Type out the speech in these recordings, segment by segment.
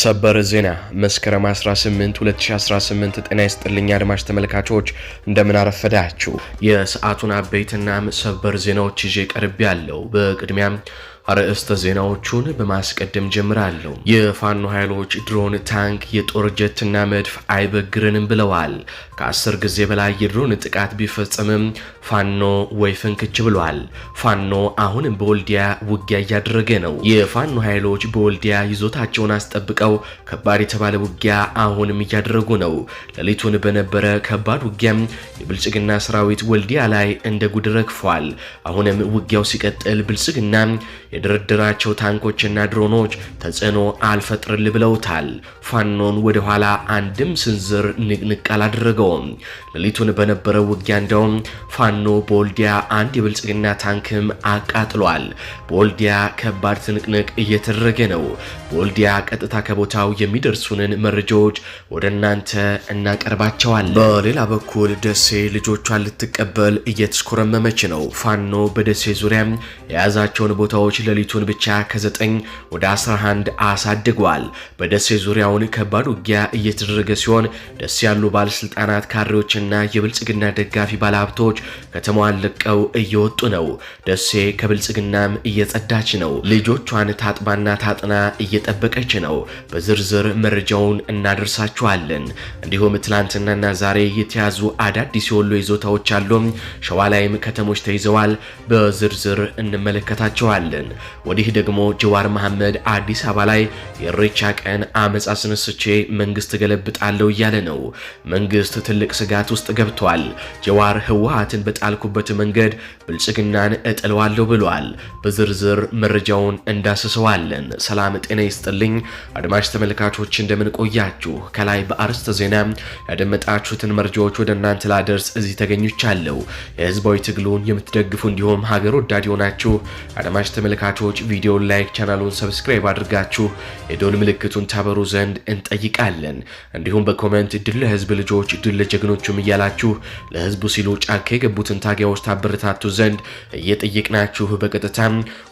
ሰበር ዜና መስከረም 18 2018። ጤና ይስጥልኝ አድማጭ ተመልካቾች እንደምን አረፈዳችሁ። የሰዓቱን አበይትናም ሰበር ዜናዎች ይዤ ቀርብ ያለው በቅድሚያም አርዕስተ ዜናዎቹን በማስቀደም ጀምራለሁ። የፋኖ ኃይሎች ድሮን፣ ታንክ፣ የጦር ጀትና መድፍ አይበግረንም ብለዋል። ከአስር ጊዜ በላይ የድሮን ጥቃት ቢፈጸምም ፋኖ ወይ ፍንክች ብሏል። ፋኖ አሁንም በወልዲያ ውጊያ እያደረገ ነው። የፋኖ ኃይሎች በወልዲያ ይዞታቸውን አስጠብቀው ከባድ የተባለ ውጊያ አሁንም እያደረጉ ነው። ሌሊቱን በነበረ ከባድ ውጊያም የብልጽግና ሰራዊት ወልዲያ ላይ እንደ ጉድ ረግፏል። አሁንም ውጊያው ሲቀጥል ብልጽግና የድርድራቸው ታንኮችና ድሮኖች ተጽዕኖ አልፈጥርል ብለውታል። ፋኖን ወደኋላ አንድም ስንዝር ንቅንቅ አላደረገውም። ሌሊቱን በነበረ ውጊያ እንደውም ፋኖ ፋኖ በወልዲያ አንድ የብልጽግና ታንክም አቃጥሏል። በወልዲያ ከባድ ትንቅንቅ እየተደረገ ነው። በወልዲያ ቀጥታ ከቦታው የሚደርሱንን መረጃዎች ወደ እናንተ እናቀርባቸዋለን። በሌላ በኩል ደሴ ልጆቿን ልትቀበል እየተሽኮረመመች ነው። ፋኖ በደሴ ዙሪያ የያዛቸውን ቦታዎች ሌሊቱን ብቻ ከዘጠኝ ወደ 11 አሳድጓል። በደሴ ዙሪያውን ከባድ ውጊያ እየተደረገ ሲሆን ደሴ ያሉ ባለስልጣናት፣ ካድሬዎችና የብልጽግና ደጋፊ ባለሀብቶች ከተማዋን ለቀው እየወጡ ነው። ደሴ ከብልጽግናም እየጸዳች ነው። ልጆቿን ታጥባና ታጥና እየጠበቀች ነው። በዝርዝር መረጃውን እናደርሳችኋለን። እንዲሁም ትላንትናና ዛሬ የተያዙ አዳዲስ የወሎ ይዞታዎች አሉ። ሸዋ ላይም ከተሞች ተይዘዋል። በዝርዝር እንመለከታቸዋለን። ወዲህ ደግሞ ጀዋር መሐመድ አዲስ አበባ ላይ የኢሬቻ ቀን አመፅ አስነስቼ መንግስት ገለብጣለሁ እያለ ነው። መንግስት ትልቅ ስጋት ውስጥ ገብቷል። ጀዋር በ በጣልኩበት መንገድ ብልጽግናን እጥለዋለሁ ብሏል። በዝርዝር መረጃውን እንዳስሰዋለን። ሰላም ጤና ይስጥልኝ አድማጭ ተመልካቾች እንደምን ቆያችሁ? ከላይ በአርስተ ዜና ያደመጣችሁትን መረጃዎች ወደ እናንተ ላደርስ እዚህ ተገኝቻለሁ። የህዝባዊ ትግሉን የምትደግፉ እንዲሁም ሀገር ወዳድ የሆናችሁ አድማጭ ተመልካቾች ቪዲዮን ላይክ፣ ቻናሉን ሰብስክራይብ አድርጋችሁ የዶል ምልክቱን ታበሩ ዘንድ እንጠይቃለን። እንዲሁም በኮመንት ድል ለህዝብ ልጆች፣ ድል ለጀግኖቹም እያላችሁ ለህዝቡ ሲሉ ጫካ የገቡት የገቡትን ታጋዮች ታበረታቱ ዘንድ እየጠየቅናችሁ በቀጥታ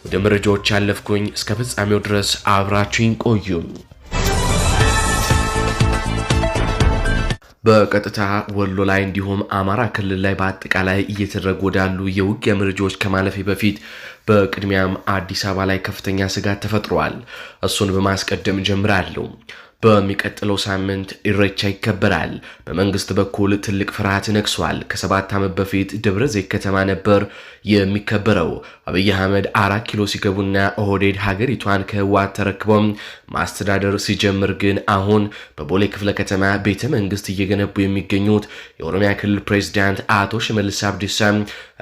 ወደ መረጃዎች ያለፍኩኝ። እስከ ፍጻሜው ድረስ አብራችሁኝ ቆዩ። በቀጥታ ወሎ ላይ እንዲሁም አማራ ክልል ላይ በአጠቃላይ እየተደረጉ ወዳሉ የውጊያ መረጃዎች ከማለፌ በፊት በቅድሚያም አዲስ አበባ ላይ ከፍተኛ ስጋት ተፈጥሯል። እሱን በማስቀደም ጀምራለሁ። በሚቀጥለው ሳምንት ኢሬቻ ይከበራል። በመንግስት በኩል ትልቅ ፍርሃት ነግሷል። ከሰባት ዓመት በፊት ደብረ ዘይት ከተማ ነበር የሚከበረው። አብይ አህመድ አራት ኪሎ ሲገቡና ኦህዴድ ሀገሪቷን ከህወሓት ተረክቦም ማስተዳደር ሲጀምር ግን አሁን በቦሌ ክፍለ ከተማ ቤተ መንግስት እየገነቡ የሚገኙት የኦሮሚያ ክልል ፕሬዚዳንት አቶ ሽመልስ አብዲሳ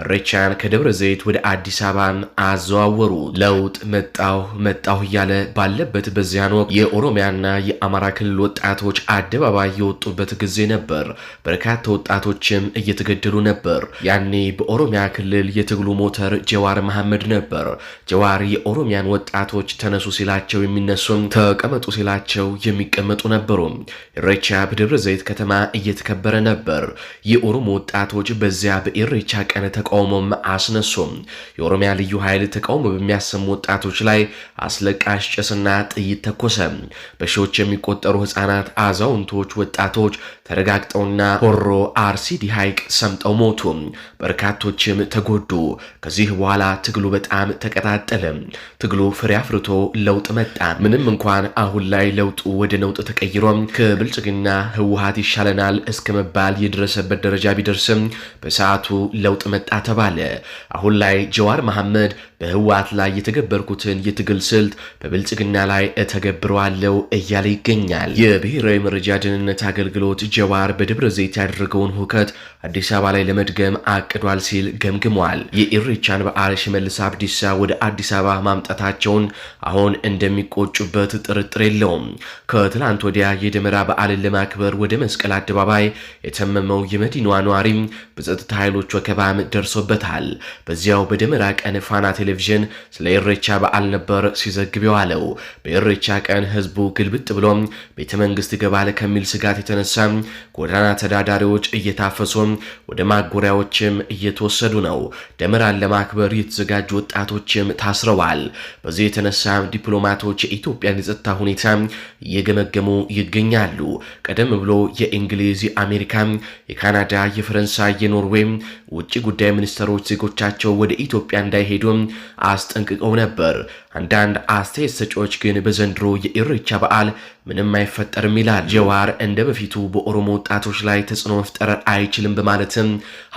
ኢሬቻን ከደብረ ዘይት ወደ አዲስ አበባ አዘዋወሩ። ለውጥ መጣሁ መጣሁ እያለ ባለበት በዚያን ወቅት የኦሮሚያና የአማ የአማራ ክልል ወጣቶች አደባባይ የወጡበት ጊዜ ነበር። በርካታ ወጣቶችም እየተገደሉ ነበር። ያኔ በኦሮሚያ ክልል የትግሉ ሞተር ጀዋር መሐመድ ነበር። ጀዋር የኦሮሚያን ወጣቶች ተነሱ ሲላቸው የሚነሱም ተቀመጡ ሲላቸው የሚቀመጡ ነበሩ። ኢሬቻ በደብረ ዘይት ከተማ እየተከበረ ነበር። የኦሮሞ ወጣቶች በዚያ በኢሬቻ ቀን ተቃውሞም አስነሱም። የኦሮሚያ ልዩ ኃይል ተቃውሞ በሚያሰሙ ወጣቶች ላይ አስለቃሽ ጭስና ጥይት ተኮሰ። በሺዎች የሚ የሚቆጠሩ ህጻናት፣ አዛውንቶች፣ ወጣቶች ተረጋግጠውና ሆሮ አርሲዲ ሐይቅ ሰምጠው ሞቱ። በርካቶችም ተጎዱ። ከዚህ በኋላ ትግሉ በጣም ተቀጣጠለ። ትግሉ ፍሬ አፍርቶ ለውጥ መጣ። ምንም እንኳን አሁን ላይ ለውጡ ወደ ነውጥ ተቀይሮ ከብልጽግና ህወሀት ይሻለናል እስከ መባል የደረሰበት ደረጃ ቢደርስም በሰዓቱ ለውጥ መጣ ተባለ። አሁን ላይ ጀዋር መሐመድ በህወሀት ላይ የተገበርኩትን የትግል ስልት በብልጽግና ላይ እተገብረዋለው እያለ ይገኛል። የብሔራዊ መረጃ ደህንነት አገልግሎት ጀዋር በደብረ ዘይት ያደረገውን ሁከት አዲስ አበባ ላይ ለመድገም አቅዷል ሲል ገምግሟል። የኢሬቻን በዓል ሽመልስ አብዲሳ ወደ አዲስ አበባ ማምጣታቸውን አሁን እንደሚቆጩበት ጥርጥር የለውም። ከትላንት ወዲያ የደመራ በዓልን ለማክበር ወደ መስቀል አደባባይ የተመመው የመዲናዋ ነዋሪም በጸጥታ ኃይሎች ወከባም ደርሶበታል። በዚያው በደመራ ቀን ፋና ቴሌቪዥን ስለ ኢሬቻ በዓል ነበር ሲዘግብ የዋለው። በኢሬቻ ቀን ህዝቡ ግልብጥ ብሎ ቤተ መንግስት ገባለ ከሚል ስጋት የተነሳ ጎዳና ተዳዳሪዎች እየታፈሱ ወደ ማጎሪያዎችም እየተወሰዱ ነው። ደመራን ለማክበር የተዘጋጁ ወጣቶችም ታስረዋል። በዚህ የተነሳ ዲፕሎማቶች የኢትዮጵያን የጸጥታ ሁኔታ እየገመገሙ ይገኛሉ። ቀደም ብሎ የእንግሊዝ፣ የአሜሪካ፣ የካናዳ፣ የፈረንሳይ፣ የኖርዌይ ውጭ ጉዳይ ሚኒስትሮች ዜጎቻቸው ወደ ኢትዮጵያ እንዳይሄዱ አስጠንቅቀው ነበር። አንዳንድ አስተያየት ሰጪዎች ግን በዘንድሮ የኢሬቻ በዓል ምንም አይፈጠርም ይላል። ጀዋር እንደ በፊቱ በኦሮሞ ወጣቶች ላይ ተጽዕኖ መፍጠር አይችልም በማለትም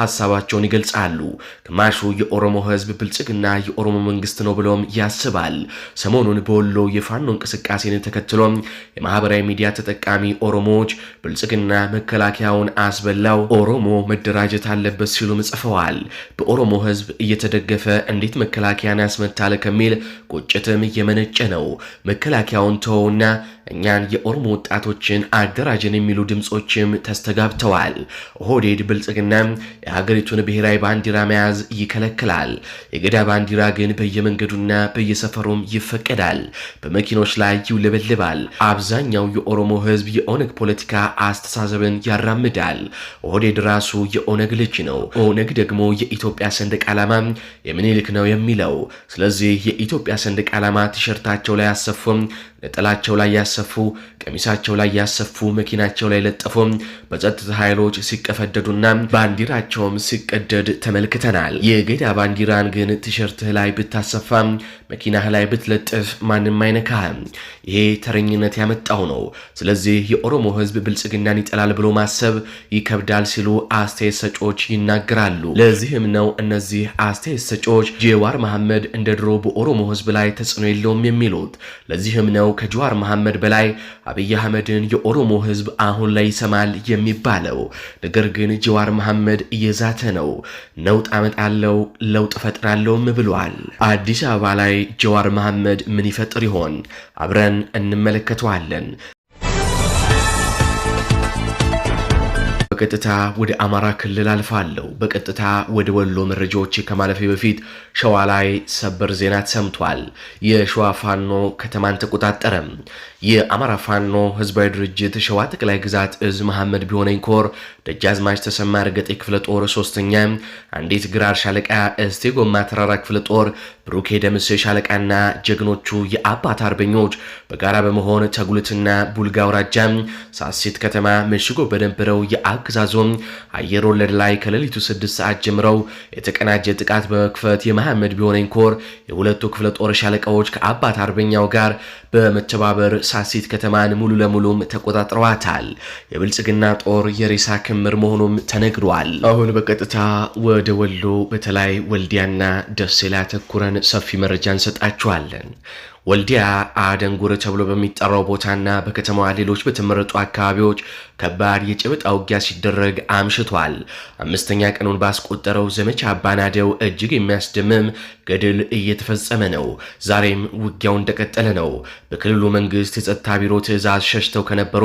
ሀሳባቸውን ይገልጻሉ። ግማሹ የኦሮሞ ህዝብ ብልጽግና የኦሮሞ መንግስት ነው ብሎም ያስባል። ሰሞኑን በወሎ የፋኖ እንቅስቃሴን ተከትሎ የማህበራዊ ሚዲያ ተጠቃሚ ኦሮሞዎች ብልጽግና መከላከያውን አስበላው፣ ኦሮሞ መደራጀት አለበት ሲሉም ጽፈዋል። በኦሮሞ ህዝብ እየተደገፈ እንዴት መከላከያን ያስመታል ከሚል ቁጭትም የመነጨ ነው። መከላከያውን ተወውና እኛን የኦሮሞ ወጣቶችን አደራጀን የሚሉ ድምፆችም ተስተጋብተዋል። ኦህዴድ ብልጽግና የሀገሪቱን ብሔራዊ ባንዲራ መያዝ ይከለክላል። የገዳ ባንዲራ ግን በየመንገዱና በየሰፈሩም ይፈቀዳል፣ በመኪኖች ላይ ይውለበልባል። አብዛኛው የኦሮሞ ህዝብ የኦነግ ፖለቲካ አስተሳሰብን ያራምዳል። ኦህዴድ ራሱ የኦነግ ልጅ ነው። ኦነግ ደግሞ የኢትዮጵያ ሰንደቅ ዓላማ የምኒልክ ነው የሚለው። ስለዚህ የኢትዮጵያ ሰንደቅ ዓላማ ቲሸርታቸው ላይ አሰፉም ነጠላቸው ላይ ያሰ ያሰፉ፣ ቀሚሳቸው ላይ ያሰፉ፣ መኪናቸው ላይ ለጠፉ፣ በጸጥታ ኃይሎች ሲቀፈደዱና ባንዲራቸውም ሲቀደድ ተመልክተናል። የገዳ ባንዲራን ግን ቲሸርትህ ላይ ብታሰፋ፣ መኪናህ ላይ ብትለጥፍ ማንም አይነካህ። ይሄ ተረኝነት ያመጣው ነው። ስለዚህ የኦሮሞ ህዝብ ብልጽግናን ይጠላል ብሎ ማሰብ ይከብዳል ሲሉ አስተያየት ሰጮች ይናገራሉ። ለዚህም ነው እነዚህ አስተያየት ሰጮች ጀዋር መሐመድ እንደ ድሮ በኦሮሞ ህዝብ ላይ ተጽዕኖ የለውም የሚሉት። ለዚህም ነው ከጀዋር መሐመድ በላይ አብይ አህመድን የኦሮሞ ህዝብ አሁን ላይ ይሰማል የሚባለው ነገር ግን ጀዋር መሐመድ እየዛተ ነው። ነውጥ አመጣለው ለውጥ ፈጥራለውም ብሏል። አዲስ አበባ ላይ ጀዋር መሐመድ ምን ይፈጥር ይሆን? አብረን እንመለከተዋለን። በቀጥታ ወደ አማራ ክልል አልፋለሁ። በቀጥታ ወደ ወሎ መረጃዎች ከማለፌ በፊት ሸዋ ላይ ሰበር ዜና ተሰምቷል። የሸዋ ፋኖ ከተማን ተቆጣጠረም የአማራ ፋኖ ህዝባዊ ድርጅት ሸዋ ጠቅላይ ግዛት እዝ መሐመድ ቢሆነኝ ኮር ደጃዝማች ተሰማ እርገጤ ክፍለ ጦር ሶስተኛ፣ አንዲት ግራር ሻለቃ፣ እስቴ ጎማ ተራራ ክፍለ ጦር፣ ብሩኬ ደምስ ሻለቃና ጀግኖቹ የአባት አርበኞች በጋራ በመሆን ተጉልትና ቡልጋ አውራጃ ሳሴት ከተማ መሽጎ በነበረው የአገዛዞም አየር ወለድ ላይ ከሌሊቱ ስድስት ሰዓት ጀምረው የተቀናጀ ጥቃት በመክፈት የመሐመድ ቢሆነኝ ኮር የሁለቱ ክፍለ ጦር ሻለቃዎች ከአባት አርበኛው ጋር በመተባበር ሳሴት ከተማን ሙሉ ለሙሉም ተቆጣጥረዋታል። የብልጽግና ጦር የሬሳ ክም ጭምር መሆኑም ተነግሯል። አሁን በቀጥታ ወደ ወሎ በተለይ ወልዲያና ደሴ ላይ አተኩረን ሰፊ መረጃ እንሰጣችኋለን። ወልዲያ አደንጉር ተብሎ በሚጠራው ቦታና በከተማዋ ሌሎች በተመረጡ አካባቢዎች ከባድ የጨበጣ ውጊያ ሲደረግ አምሽቷል። አምስተኛ ቀኑን ባስቆጠረው ዘመቻ አባናደው እጅግ የሚያስደምም ገድል እየተፈጸመ ነው። ዛሬም ውጊያው እንደቀጠለ ነው። በክልሉ መንግስት የጸጥታ ቢሮ ትዕዛዝ ሸሽተው ከነበሩ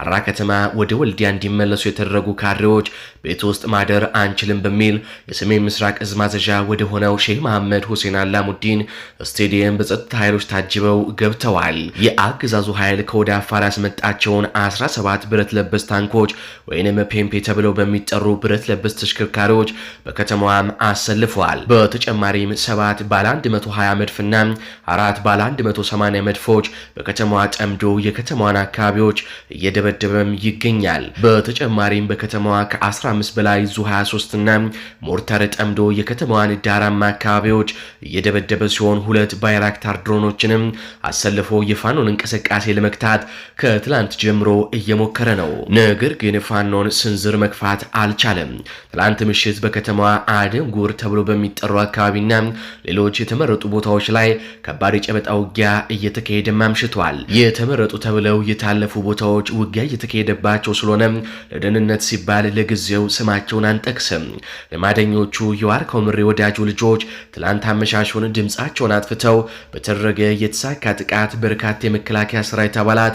ሀራ ከተማ ወደ ወልዲያ እንዲመለሱ የተደረጉ ካድሬዎች ቤት ውስጥ ማደር አንችልም በሚል የሰሜን ምስራቅ እዝ ማዘዣ ወደ ሆነው ሼህ መሐመድ ሁሴን አላሙዲን ስቴዲየም በጸጥታ ኃይሎች ታጅበው ገብተዋል። የአገዛዙ ኃይል ከወደ አፋር ያስመጣቸውን 17 ብረት ለበስ ታንኮች ወይንም ፔምፔ ተብለው በሚጠሩ ብረት ለበስ ተሽከርካሪዎች በከተማዋም አሰልፈዋል። በተጨማሪም ሰባት ባለ 120 መድፍና አራት ባለ 180 መድፎች በከተማዋ ጠምዶ የከተማዋን አካባቢዎች እየደበደበም ይገኛል። በተጨማሪም በከተማዋ ከ15 በላይ ዙ 23ና ሞርታር ጠምዶ የከተማዋን ዳራማ አካባቢዎች እየደበደበ ሲሆን ሁለት ባይራክታር ድሮኖችንም አሰልፎ የፋኖን እንቅስቃሴ ለመግታት ከትላንት ጀምሮ እየሞከረ ነው። ነገር ግን ፋኖን ስንዝር መግፋት አልቻለም። ትላንት ምሽት በከተማዋ አደንጉር ተብሎ በሚጠራው አካባቢና ሌሎች የተመረጡ ቦታዎች ላይ ከባድ የጨበጣ ውጊያ እየተካሄደም አምሽቷል። የተመረጡ ተብለው የታለፉ ቦታዎች ውጊያ እየተካሄደባቸው ስለሆነ ለደህንነት ሲባል ለጊዜው ስማቸውን አንጠቅስም። ልማደኞቹ የዋርካው ምሬ ወዳጁ ልጆች ትላንት አመሻሹን ድምፃቸውን አጥፍተው በተደረገ የተሳካ ጥቃት በርካታ የመከላከያ ሰራዊት አባላት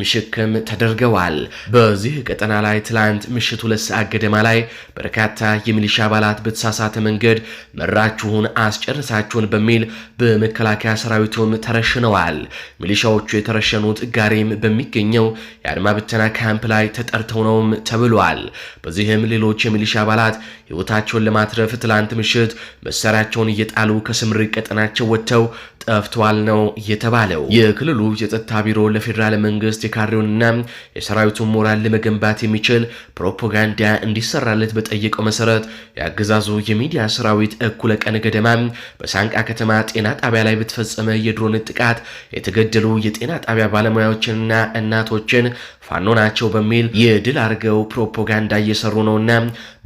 ምሽክም ተደርገዋል። በዚህ ቀጠና ላይ ትላንት ምሽት ሁለት ሰዓት ገደማ ላይ በርካታ የሚሊሻ አባላት በተሳሳተ መንገድ መራችሁን አስጨ ጨረሳችሁን በሚል በመከላከያ ሰራዊቱም ተረሽነዋል። ሚሊሻዎቹ የተረሸኑት ጋሬም በሚገኘው የአድማ ብተና ካምፕ ላይ ተጠርተው ነውም ተብሏል። በዚህም ሌሎች የሚሊሻ አባላት ህይወታቸውን ለማትረፍ ትላንት ምሽት መሳሪያቸውን እየጣሉ ከስምሪ ቀጠናቸው ወጥተው ጠፍቷል ነው የተባለው። የክልሉ የጸጥታ ቢሮ ለፌዴራል መንግስት የካሬውንና የሰራዊቱን ሞራል ለመገንባት የሚችል ፕሮፓጋንዳ እንዲሰራለት በጠየቀው መሰረት የአገዛዙ የሚዲያ ሰራዊት እኩለ ቀን ገደማ በሳንቃ ከተማ ጤና ጣቢያ ላይ በተፈጸመ የድሮን ጥቃት የተገደሉ የጤና ጣቢያ ባለሙያዎችንና እናቶችን ፋኖ ናቸው በሚል የድል አድርገው ፕሮፓጋንዳ እየሰሩ ነውና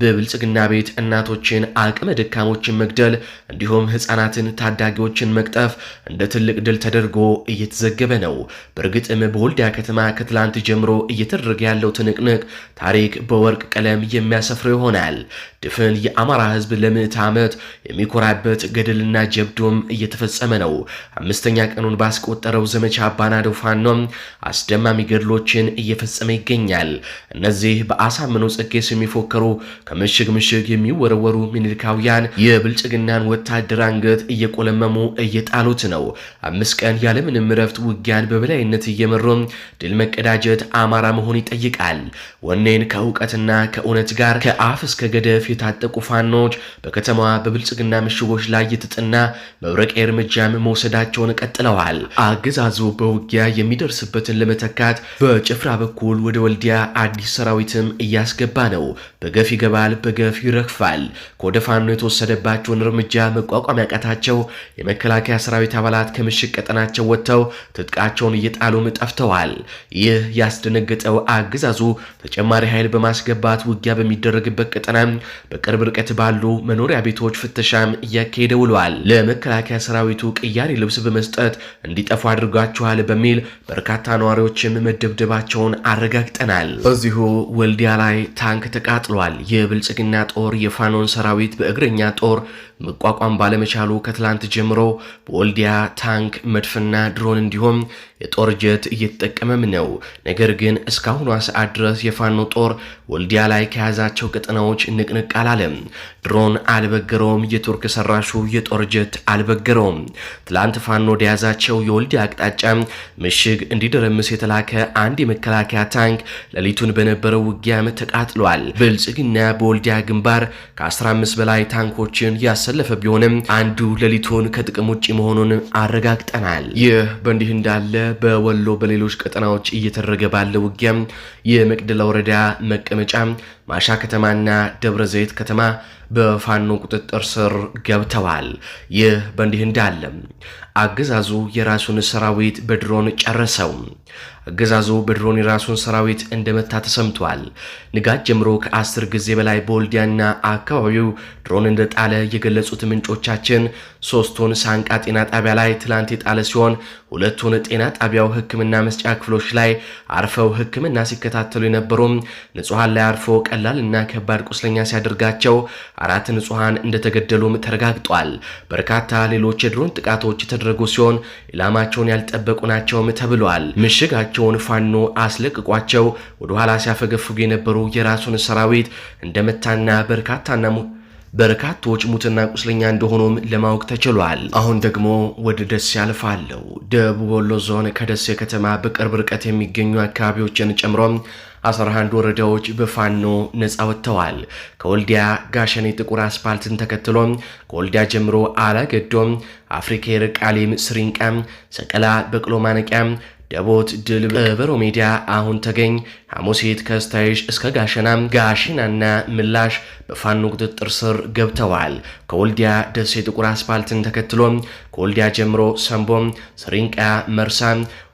በብልጽግና ቤት እናቶችን፣ አቅመ ደካሞችን መግደል እንዲሁም ህፃናትን፣ ታዳጊዎችን መቅጠፍ እንደ ትልቅ ድል ተደርጎ እየተዘገበ ነው። በእርግጥም በወልዲያ ከተማ ከትላንት ጀምሮ እየተደረገ ያለው ትንቅንቅ ታሪክ በወርቅ ቀለም የሚያሰፍረው ይሆናል። ድፍን የአማራ ህዝብ ለምዕተ ዓመት የሚኮራበት ገድልና ጀብዶም እየተፈጸመ ነው። አምስተኛ ቀኑን ባስቆጠረው ዘመቻ አባናደው ፋኖም አስደማሚ ገድሎችን እየ እየፈጸመ ይገኛል። እነዚህ በአሳምነው ጽጌ ስም የሚፎከሩ ከምሽግ ምሽግ የሚወረወሩ ሚኒልካውያን የብልጽግናን ወታደር አንገት እየቆለመሙ እየጣሉት ነው። አምስት ቀን ያለምንም እረፍት ውጊያን በበላይነት እየመሩ ድል መቀዳጀት አማራ መሆን ይጠይቃል። ወኔን ከእውቀትና ከእውነት ጋር ከአፍ እስከ ገደፍ የታጠቁ ፋኖች በከተማዋ በብልጽግና ምሽጎች ላይ የተጠና መብረቅ እርምጃም መውሰዳቸውን ቀጥለዋል። አገዛዙ በውጊያ የሚደርስበትን ለመተካት በጭፍራ በኩል ወደ ወልዲያ አዲስ ሰራዊትም እያስገባ ነው። በገፍ ይገባል፣ በገፍ ይረግፋል። ከወደ ፋኖ የተወሰደባቸውን እርምጃ መቋቋም ያቃታቸው የመከላከያ ሰራዊት አባላት ከምሽግ ቀጠናቸው ወጥተው ትጥቃቸውን እየጣሉም ጠፍተዋል። ይህ ያስደነገጠው አገዛዙ ተጨማሪ ኃይል በማስገባት ውጊያ በሚደረግበት ቀጠና በቅርብ ርቀት ባሉ መኖሪያ ቤቶች ፍተሻም እያካሄደ ውሏል። ለመከላከያ ሰራዊቱ ቅያሬ ልብስ በመስጠት እንዲጠፉ አድርጓቸዋል በሚል በርካታ ነዋሪዎችም መደብደባቸውን መሆናቸውን አረጋግጠናል። እዚሁ ወልዲያ ላይ ታንክ ተቃጥሏል። የብልጽግና ጦር የፋኖን ሰራዊት በእግረኛ ጦር መቋቋም ባለመቻሉ ከትላንት ጀምሮ በወልዲያ ታንክ መድፍና ድሮን እንዲሁም የጦር ጀት እየተጠቀመም ነው። ነገር ግን እስካሁኗ ሰዓት ድረስ የፋኖ ጦር ወልዲያ ላይ ከያዛቸው ቀጠናዎች ንቅንቅ አላለም። ድሮን አልበገረውም። የቱርክ ሰራሹ የጦር ጀት አልበገረውም። ትላንት ፋኖ ያዛቸው የወልዲያ አቅጣጫ ምሽግ እንዲደረምስ የተላከ አንድ የመከላከያ ታንክ ሌሊቱን በነበረው ውጊያም ተቃጥሏል። ብልጽግና በወልዲያ ግንባር ከ15 በላይ ታንኮችን ያሰለፈ ቢሆንም አንዱ ሌሊቱን ከጥቅም ውጭ መሆኑን አረጋግጠናል። ይህ በእንዲህ እንዳለ በወሎ በሌሎች ቀጠናዎች እየተደረገ ባለ ውጊያ የመቅደላ ወረዳ መቀመጫ ማሻ ከተማና ደብረ ዘይት ከተማ በፋኖ ቁጥጥር ስር ገብተዋል። ይህ በእንዲህ እንዳለም አገዛዙ የራሱን ሰራዊት በድሮን ጨረሰው። አገዛዙ በድሮን የራሱን ሰራዊት እንደመታ ተሰምቷል። ንጋት ጀምሮ ከአስር ጊዜ በላይ በወልዲያና አካባቢው ድሮን እንደጣለ የገለጹት ምንጮቻችን ሶስቱን ሳንቃ ጤና ጣቢያ ላይ ትላንት የጣለ ሲሆን ሁለቱን ጤና ጣቢያው ሕክምና መስጫ ክፍሎች ላይ አርፈው ሕክምና ሲከታተሉ የነበሩም ንጹሐን ላይ አርፎ ቀላል እና ከባድ ቁስለኛ ሲያደርጋቸው አራት ንጹሐን እንደተገደሉም ተረጋግጧል። በርካታ ሌሎች የድሮን ጥቃቶች የተደረጉ ሲሆን ኢላማቸውን ያልጠበቁ ናቸውም ተብሏል። ምሽጋቸው ያላቸውን ፋኖ አስለቅቋቸው ወደ ኋላ ሲያፈገፍጉ የነበሩ የራሱን ሰራዊት እንደመታና በርካታና በርካቶች ሙትና ቁስለኛ እንደሆኑም ለማወቅ ተችሏል። አሁን ደግሞ ወደ ደሴ ያልፋለው። ደቡብ ወሎ ዞን ከደሴ ከተማ በቅርብ ርቀት የሚገኙ አካባቢዎችን ጨምሮ 11 ወረዳዎች በፋኖ ነፃ ወጥተዋል። ከወልዲያ ጋሸኔ ጥቁር አስፓልትን ተከትሎ ከወልዲያ ጀምሮ አላገዶም፣ አፍሪካ ቃሊም፣ ስሪንቃ፣ ሰቀላ፣ በቅሎ ማነቂያ ደቦት ድል በበሮ ሜዳ አሁን ተገኝ ሐሙሴት ከስታይሽ እስከ ጋሸናም ጋሽናና ምላሽ በፋኖ ቁጥጥር ስር ገብተዋል። ከወልዲያ ደሴ ጥቁር አስፓልትን ተከትሎ ከወልዲያ ጀምሮ ሰንቦም፣ ስሪንቃ መርሳ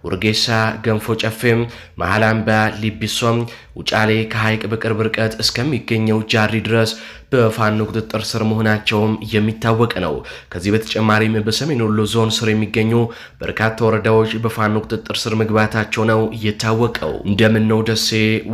ውርጌሳ፣ ገንፎ ጨፌም፣ መሃል አምባ፣ ሊቢሶም፣ ውጫሌ ከሐይቅ በቅርብ ርቀት እስከሚገኘው ጃሪ ድረስ በፋኖ ቁጥጥር ስር መሆናቸውም የሚታወቅ ነው። ከዚህ በተጨማሪም በሰሜን ወሎ ዞን ስር የሚገኙ በርካታ ወረዳዎች በፋኖ ቁጥጥር ስር መግባታቸው ነው የታወቀው። እንደምነው ደሴ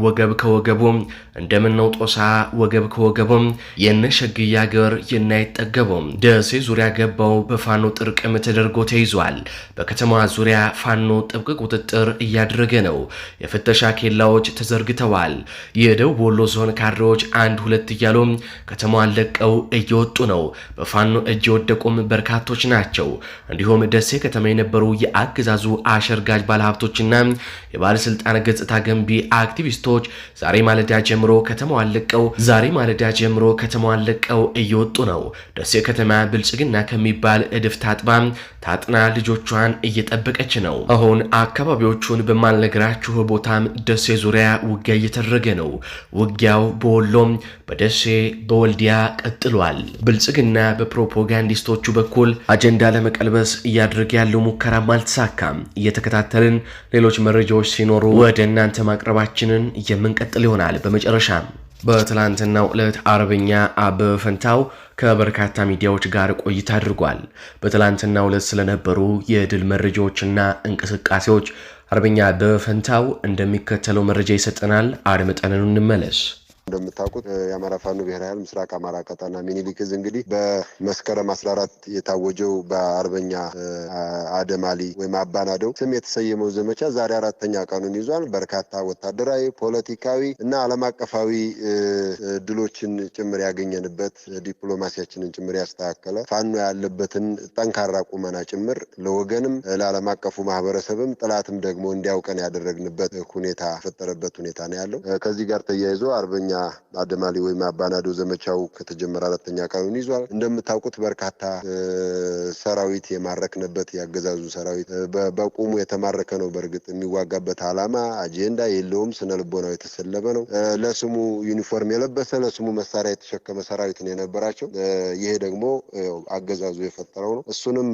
ወገብ ከወገቡም እንደምነው ጦሳ ወገብ ከወገቡም የነሸግያ ገር የናይጠገቡም ደሴ ዙሪያ ገባው በፋኖ ጥርቅም ተደርጎ ተይዟል። በከተማዋ ዙሪያ ፋኖ ጥብቅ ቁጥጥር እያደረገ ነው። የፍተሻ ኬላዎች ተዘርግተዋል። የደቡብ ወሎ ዞን ካድሬዎች አንድ ሁለት እያሉም ከተማዋን ለቀው እየወጡ ነው። በፋኖ እጅ የወደቁም በርካቶች ናቸው። እንዲሁም ደሴ ከተማ የነበሩ የአገዛዙ አሸርጋጅ ባለሀብቶችና የባለስልጣን ገጽታ ገንቢ አክቲቪስቶች ዛሬ ማለዳ ጀምሮ ጀምሮ ከተማዋን ለቀው ዛሬ ማለዳ ጀምሮ ከተማዋን ለቀው እየወጡ ነው። ደሴ ከተማ ብልጽግና ከሚባል እድፍ ታጥባ ታጥና ልጆቿን እየጠበቀች ነው። አሁን አካባቢዎቹን በማልነግራችሁ ቦታም ደሴ ዙሪያ ውጊያ እየተደረገ ነው። ውጊያው በወሎም በደሴ በወልዲያ ቀጥሏል። ብልጽግና በፕሮፓጋንዲስቶቹ በኩል አጀንዳ ለመቀልበስ እያደረገ ያለው ሙከራም አልተሳካም። እየተከታተልን ሌሎች መረጃዎች ሲኖሩ ወደ እናንተ ማቅረባችንን የምንቀጥል ይሆናል። በመጨረሻ መጨረሻ በትላንትናው ዕለት አርበኛ አበበ ፈንታው ከበርካታ ሚዲያዎች ጋር ቆይታ አድርጓል። በትላንትናው ዕለት ስለነበሩ የድል መረጃዎችና እንቅስቃሴዎች አርበኛ አበበ ፈንታው እንደሚከተለው መረጃ ይሰጠናል። አድምጠን እንመለስ። እንደምታውቁት የአማራ ፋኖ ብሔራዊ ኃይል ምስራቅ አማራ ቀጠና ሚኒሊክ እዝ እንግዲህ በመስከረም አስራ አራት የታወጀው በአርበኛ አደማሊ ወይም አባናደው ስም የተሰየመው ዘመቻ ዛሬ አራተኛ ቀኑን ይዟል። በርካታ ወታደራዊ፣ ፖለቲካዊ እና ዓለም አቀፋዊ ድሎችን ጭምር ያገኘንበት ዲፕሎማሲያችንን ጭምር ያስተካከለ ፋኖ ያለበትን ጠንካራ ቁመና ጭምር ለወገንም ለዓለም አቀፉ ማህበረሰብም ጥላትም ደግሞ እንዲያውቀን ያደረግንበት ሁኔታ ፈጠረበት ሁኔታ ነው ያለው። ከዚህ ጋር ተያይዞ አርበኛ አደማሌ ወይም አባናዶ ዘመቻው ከተጀመረ አራተኛ ቀኑን ይዟል። እንደምታውቁት በርካታ ሰራዊት የማረክንበት ያገዛዙ ሰራዊት በቁሙ የተማረከ ነው። በእርግጥ የሚዋጋበት አላማ አጀንዳ የለውም። ስነ ልቦናው የተሰለበ ነው። ለስሙ ዩኒፎርም የለበሰ ለስሙ መሳሪያ የተሸከመ ሰራዊት ነው የነበራቸው። ይሄ ደግሞ አገዛዙ የፈጠረው ነው። እሱንም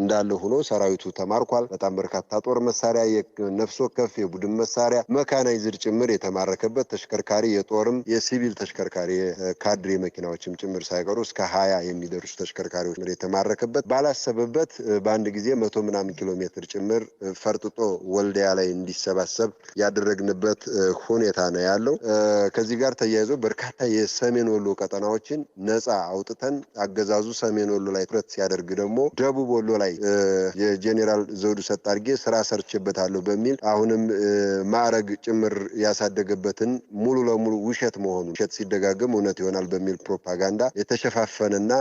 እንዳለ ሆኖ ሰራዊቱ ተማርኳል። በጣም በርካታ ጦር መሳሪያ፣ የነፍስ ወከፍ የቡድን መሳሪያ፣ መካናይዝድ ጭምር የተማረከበት ተሽከርካ ተሽከርካሪ የጦርም የሲቪል ተሽከርካሪ የካድሬ መኪናዎችም ጭምር ሳይቀሩ እስከ ሀያ የሚደርሱ ተሽከርካሪዎች የተማረከበት ባላሰበበት በአንድ ጊዜ መቶ ምናምን ኪሎ ሜትር ጭምር ፈርጥጦ ወልዲያ ላይ እንዲሰባሰብ ያደረግንበት ሁኔታ ነው ያለው። ከዚህ ጋር ተያይዞ በርካታ የሰሜን ወሎ ቀጠናዎችን ነፃ አውጥተን አገዛዙ ሰሜን ወሎ ላይ ትኩረት ሲያደርግ ደግሞ ደቡብ ወሎ ላይ የጄኔራል ዘውዱ ሰጣርጌ ስራ ሰርችበታለሁ በሚል አሁንም ማዕረግ ጭምር ያሳደገበትን ሙሉ ለሙሉ ውሸት መሆኑን ውሸት ሲደጋገም እውነት ይሆናል በሚል ፕሮፓጋንዳ የተሸፋፈነና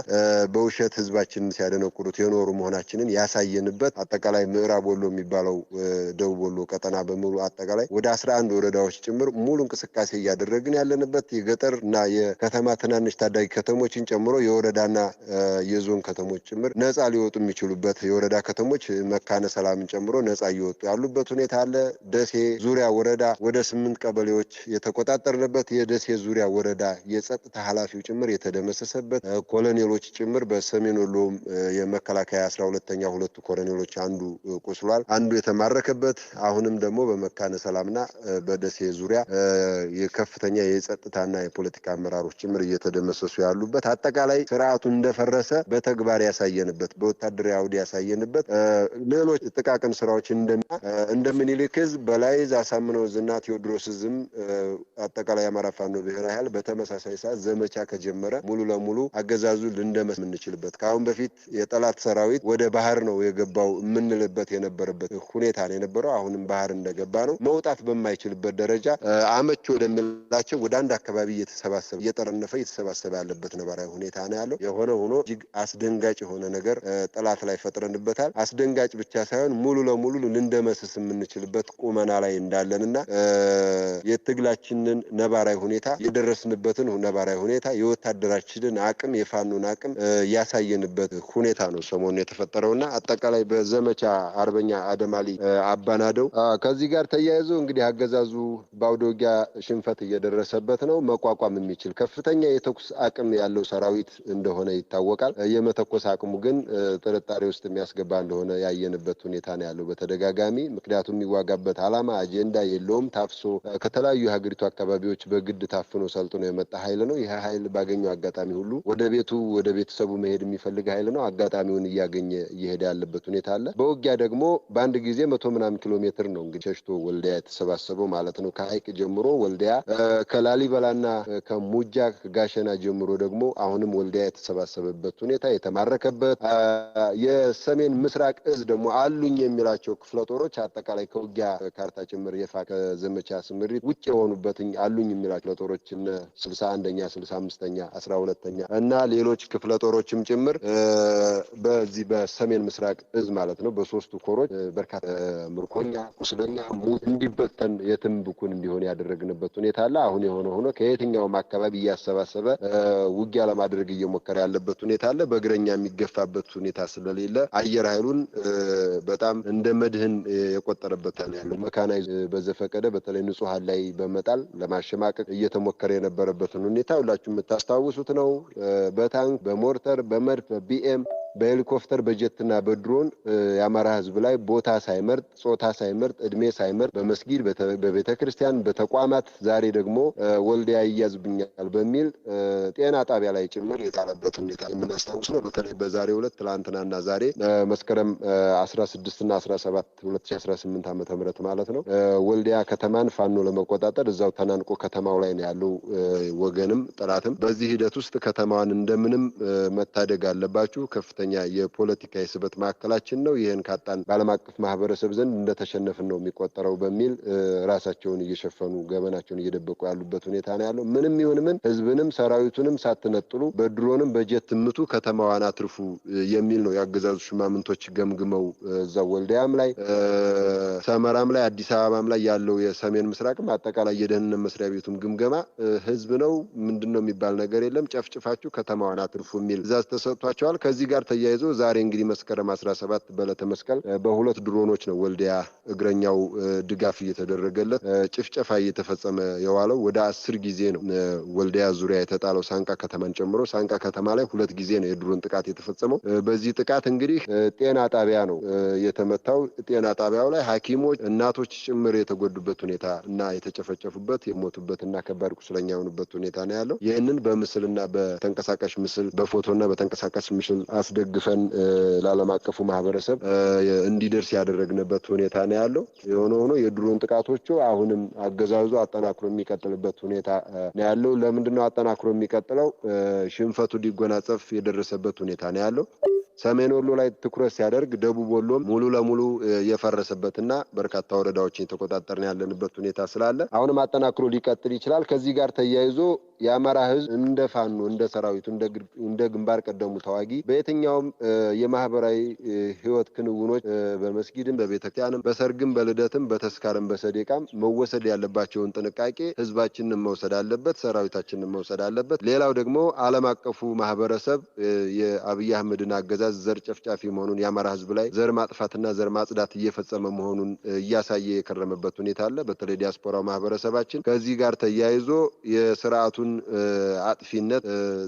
በውሸት ህዝባችንን ሲያደነቁሩት የኖሩ መሆናችንን ያሳየንበት አጠቃላይ ምዕራብ ወሎ የሚባለው ደቡብ ወሎ ቀጠና በሙሉ አጠቃላይ ወደ አስራ አንድ ወረዳዎች ጭምር ሙሉ እንቅስቃሴ እያደረግን ያለንበት የገጠር እና የከተማ ትናንሽ ታዳጊ ከተሞችን ጨምሮ የወረዳና የዞን ከተሞች ጭምር ነፃ ሊወጡ የሚችሉበት የወረዳ ከተሞች መካነ ሰላምን ጨምሮ ነፃ እየወጡ ያሉበት ሁኔታ አለ። ደሴ ዙሪያ ወረዳ ወደ ስምንት ቀበሌዎች የተቆጣ የተጠረጠርንበት የደሴ ዙሪያ ወረዳ የጸጥታ ኃላፊው ጭምር የተደመሰሰበት ኮሎኔሎች ጭምር በሰሜን ወሎም የመከላከያ አስራ ሁለተኛ ሁለቱ ኮሎኔሎች አንዱ ቆስሏል፣ አንዱ የተማረከበት አሁንም ደግሞ በመካነ ሰላምና በደሴ ዙሪያ የከፍተኛ የጸጥታና የፖለቲካ አመራሮች ጭምር እየተደመሰሱ ያሉበት አጠቃላይ ስርዓቱ እንደፈረሰ በተግባር ያሳየንበት በወታደራዊ አውድ ያሳየንበት ሌሎች ጥቃቅን ስራዎች እንደምኒልክ ህዝብ በላይ ዛሳምነው እዝና ቴዎድሮስ አጠቃላይ አማራ ፋኖ ብሔራዊ ኃይል በተመሳሳይ ሰዓት ዘመቻ ከጀመረ ሙሉ ለሙሉ አገዛዙ ልንደመስ የምንችልበት ከአሁን በፊት የጠላት ሰራዊት ወደ ባህር ነው የገባው የምንልበት የነበረበት ሁኔታ ነው የነበረው። አሁንም ባህር እንደገባ ነው መውጣት በማይችልበት ደረጃ አመች ወደምላቸው ወደ አንድ አካባቢ እየተሰባሰበ እየጠረነፈ እየተሰባሰበ ያለበት ነባራዊ ሁኔታ ነው ያለው። የሆነ ሆኖ እጅግ አስደንጋጭ የሆነ ነገር ጠላት ላይ ፈጥረንበታል። አስደንጋጭ ብቻ ሳይሆን ሙሉ ለሙሉ ልንደመስስ የምንችልበት ቁመና ላይ እንዳለንና የትግላችንን ያለንን ነባራዊ ሁኔታ የደረስንበትን ነባራዊ ሁኔታ የወታደራችንን አቅም የፋኑን አቅም ያሳየንበት ሁኔታ ነው ሰሞኑን የተፈጠረውና አጠቃላይ በዘመቻ አርበኛ አደማሊ አባናደው ከዚህ ጋር ተያይዞ እንግዲህ አገዛዙ በአውደ ውጊያ ሽንፈት እየደረሰበት ነው። መቋቋም የሚችል ከፍተኛ የተኩስ አቅም ያለው ሰራዊት እንደሆነ ይታወቃል። የመተኮስ አቅሙ ግን ጥርጣሬ ውስጥ የሚያስገባ እንደሆነ ያየንበት ሁኔታ ነው ያለው በተደጋጋሚ ምክንያቱም የሚዋጋበት አላማ አጀንዳ የለውም ታፍሶ ከተለያዩ የሀገሪቱ አካባቢ አካባቢዎች በግድ ታፍኖ ሰልጥኖ የመጣ ኃይል ነው። ይህ ኃይል ባገኘው አጋጣሚ ሁሉ ወደ ቤቱ ወደ ቤተሰቡ መሄድ የሚፈልግ ኃይል ነው። አጋጣሚውን እያገኘ እየሄደ ያለበት ሁኔታ አለ። በውጊያ ደግሞ በአንድ ጊዜ መቶ ምናምን ኪሎ ሜትር ነው እንግዲህ ሸሽቶ ወልዲያ የተሰባሰበው ማለት ነው። ከሀይቅ ጀምሮ ወልዲያ፣ ከላሊበላና ከሙጃ ጋሸና ጀምሮ ደግሞ አሁንም ወልዲያ የተሰባሰበበት ሁኔታ የተማረከበት የሰሜን ምስራቅ እዝ ደግሞ አሉኝ የሚላቸው ክፍለ ጦሮች አጠቃላይ ከውጊያ ካርታ ጭምር የፋ ከዘመቻ ስምሪት ውጭ የሆኑበት አሉኝ የሚላቸው ጦሮች እነ ስልሳ አንደኛ ስልሳ አምስተኛ አስራ ሁለተኛ እና ሌሎች ክፍለ ጦሮችም ጭምር በዚህ በሰሜን ምስራቅ እዝ ማለት ነው በሶስቱ ኮሮች በርካታ ምርኮኛ፣ ቁስለኛ እንዲበተን የትም ብኩን እንዲሆን ያደረግንበት ሁኔታ አለ። አሁን የሆነ ሆኖ ከየትኛውም አካባቢ እያሰባሰበ ውጊያ ለማድረግ እየሞከረ ያለበት ሁኔታ አለ። በእግረኛ የሚገፋበት ሁኔታ ስለሌለ አየር ኃይሉን በጣም እንደ መድህን የቆጠረበት ያለው መካናይዝ በዘፈቀደ በተለይ ንጹሀን ላይ በመጣል ለማሸማቀቅ እየተሞከረ የነበረበትን ሁኔታ ሁላችሁ የምታስታውሱት ነው። በታንክ በሞርተር በመድፍ በቢኤም በሄሊኮፕተር በጀትና በድሮን የአማራ ህዝብ ላይ ቦታ ሳይመርጥ ጾታ ሳይመርጥ እድሜ ሳይመርጥ በመስጊድ በቤተ ክርስቲያን በተቋማት ዛሬ ደግሞ ወልዲያ ይያዝብኛል በሚል ጤና ጣቢያ ላይ ጭምር የጣለበት ሁኔታ የምናስታውስ ነው። በተለይ በዛሬ ሁለት ትላንትናና ዛሬ መስከረም አስራ እና አስራ ሁለት ሺ ማለት ነው ወልዲያ ከተማን ፋኖ ለመቆጣጠር እዛው ተናንቆ ከተማው ላይ ነው ያለው ወገንም ጠላትም። በዚህ ሂደት ውስጥ ከተማዋን እንደምንም መታደግ አለባችሁ ከፍተኛ ከፍተኛ የፖለቲካ የስበት ማዕከላችን ነው። ይህን ካጣን በዓለም አቀፍ ማህበረሰብ ዘንድ እንደተሸነፍን ነው የሚቆጠረው በሚል ራሳቸውን እየሸፈኑ ገበናቸውን እየደበቁ ያሉበት ሁኔታ ነው ያለው። ምንም ይሁን ምን ህዝብንም ሰራዊቱንም ሳትነጥሉ በድሮንም በጀት ምቱ ከተማዋን አትርፉ የሚል ነው የአገዛዙ ሽማምንቶች ገምግመው እዛው ወልዲያም ላይ ሰመራም ላይ አዲስ አበባም ላይ ያለው የሰሜን ምስራቅም አጠቃላይ የደህንነት መስሪያ ቤቱም ግምገማ ህዝብ ነው ምንድን ነው የሚባል ነገር የለም፣ ጨፍጭፋችሁ ከተማዋን አትርፉ የሚል ትእዛዝ ተሰጥቷቸዋል። ከዚህ ጋር ተያይዞ ዛሬ እንግዲህ መስከረም 17 በዕለተ መስቀል በሁለት ድሮኖች ነው ወልዲያ እግረኛው ድጋፍ እየተደረገለት ጭፍጨፋ እየተፈጸመ የዋለው። ወደ አስር ጊዜ ነው ወልዲያ ዙሪያ የተጣለው ሳንቃ ከተማን ጨምሮ ሳንቃ ከተማ ላይ ሁለት ጊዜ ነው የድሮን ጥቃት የተፈጸመው። በዚህ ጥቃት እንግዲህ ጤና ጣቢያ ነው የተመታው። ጤና ጣቢያው ላይ ሐኪሞች እናቶች ጭምር የተጎዱበት ሁኔታ እና የተጨፈጨፉበት የሞቱበት እና ከባድ ቁስለኛ የሆኑበት ሁኔታ ነው ያለው። ይህንን በምስልና በተንቀሳቃሽ ምስል በፎቶና በተንቀሳቃሽ ምስል አስደ ደግፈን ለዓለም አቀፉ ማህበረሰብ እንዲደርስ ያደረግንበት ሁኔታ ነው ያለው። የሆነ ሆኖ የድሮን ጥቃቶቹ አሁንም አገዛዙ አጠናክሮ የሚቀጥልበት ሁኔታ ነው ያለው። ለምንድነው አጠናክሮ የሚቀጥለው? ሽንፈቱ ሊጎናጸፍ የደረሰበት ሁኔታ ነው ያለው። ሰሜን ወሎ ላይ ትኩረት ሲያደርግ ደቡብ ወሎም ሙሉ ለሙሉ የፈረሰበትና በርካታ ወረዳዎችን የተቆጣጠርን ያለንበት ሁኔታ ስላለ አሁንም አጠናክሮ ሊቀጥል ይችላል። ከዚህ ጋር ተያይዞ የአማራ ሕዝብ እንደ ፋኖ፣ እንደ ሰራዊቱ፣ እንደ ግንባር ቀደሙ ተዋጊ በየትኛውም የማህበራዊ ህይወት ክንውኖች በመስጊድም፣ በቤተክርስቲያንም፣ በሰርግም፣ በልደትም፣ በተስካርም፣ በሰዴቃም መወሰድ ያለባቸውን ጥንቃቄ ሕዝባችንን መውሰድ አለበት፣ ሰራዊታችንን መውሰድ አለበት። ሌላው ደግሞ ዓለም አቀፉ ማህበረሰብ የአብይ አህመድን አገዛ አገዛዝ ዘር ጨፍጫፊ መሆኑን የአማራ ህዝብ ላይ ዘር ማጥፋትና ዘር ማጽዳት እየፈጸመ መሆኑን እያሳየ የከረመበት ሁኔታ አለ። በተለይ ዲያስፖራው ማህበረሰባችን ከዚህ ጋር ተያይዞ የስርዓቱን አጥፊነት፣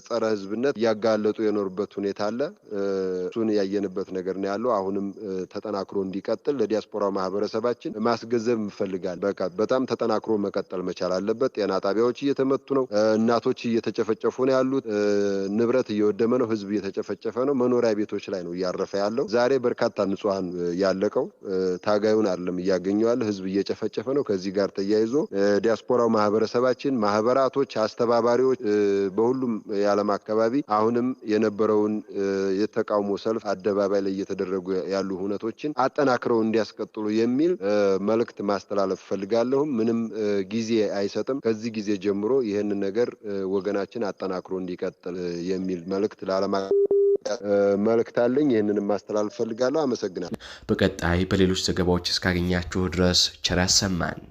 ጸረ ህዝብነት እያጋለጡ የኖሩበት ሁኔታ አለ። እሱን ያየንበት ነገር ነው ያለው። አሁንም ተጠናክሮ እንዲቀጥል ለዲያስፖራው ማህበረሰባችን ማስገንዘብ እንፈልጋለን። በቃ በጣም ተጠናክሮ መቀጠል መቻል አለበት። ጤና ጣቢያዎች እየተመቱ ነው። እናቶች እየተጨፈጨፉ ነው ያሉት። ንብረት እየወደመ ነው። ህዝብ እየተጨፈጨፈ ነው። መኖሪያ ቤት ቤቶች ላይ ነው እያረፈ ያለው። ዛሬ በርካታ ንጹሐን ያለቀው ታጋዩን አይደለም እያገኘዋል፣ ህዝብ እየጨፈጨፈ ነው። ከዚህ ጋር ተያይዞ ዲያስፖራው ማህበረሰባችን፣ ማህበራቶች፣ አስተባባሪዎች በሁሉም የዓለም አካባቢ አሁንም የነበረውን የተቃውሞ ሰልፍ አደባባይ ላይ እየተደረጉ ያሉ ሁነቶችን አጠናክረው እንዲያስቀጥሉ የሚል መልእክት ማስተላለፍ ፈልጋለሁም። ምንም ጊዜ አይሰጥም። ከዚህ ጊዜ ጀምሮ ይህንን ነገር ወገናችን አጠናክሮ እንዲቀጥል የሚል መልእክት ለዓለም መልእክት አለኝ። ይህንን ማስተላለፍ ፈልጋለሁ። አመሰግናለሁ። በቀጣይ በሌሎች ዘገባዎች እስካገኛችሁ ድረስ ቸር ያሰማን።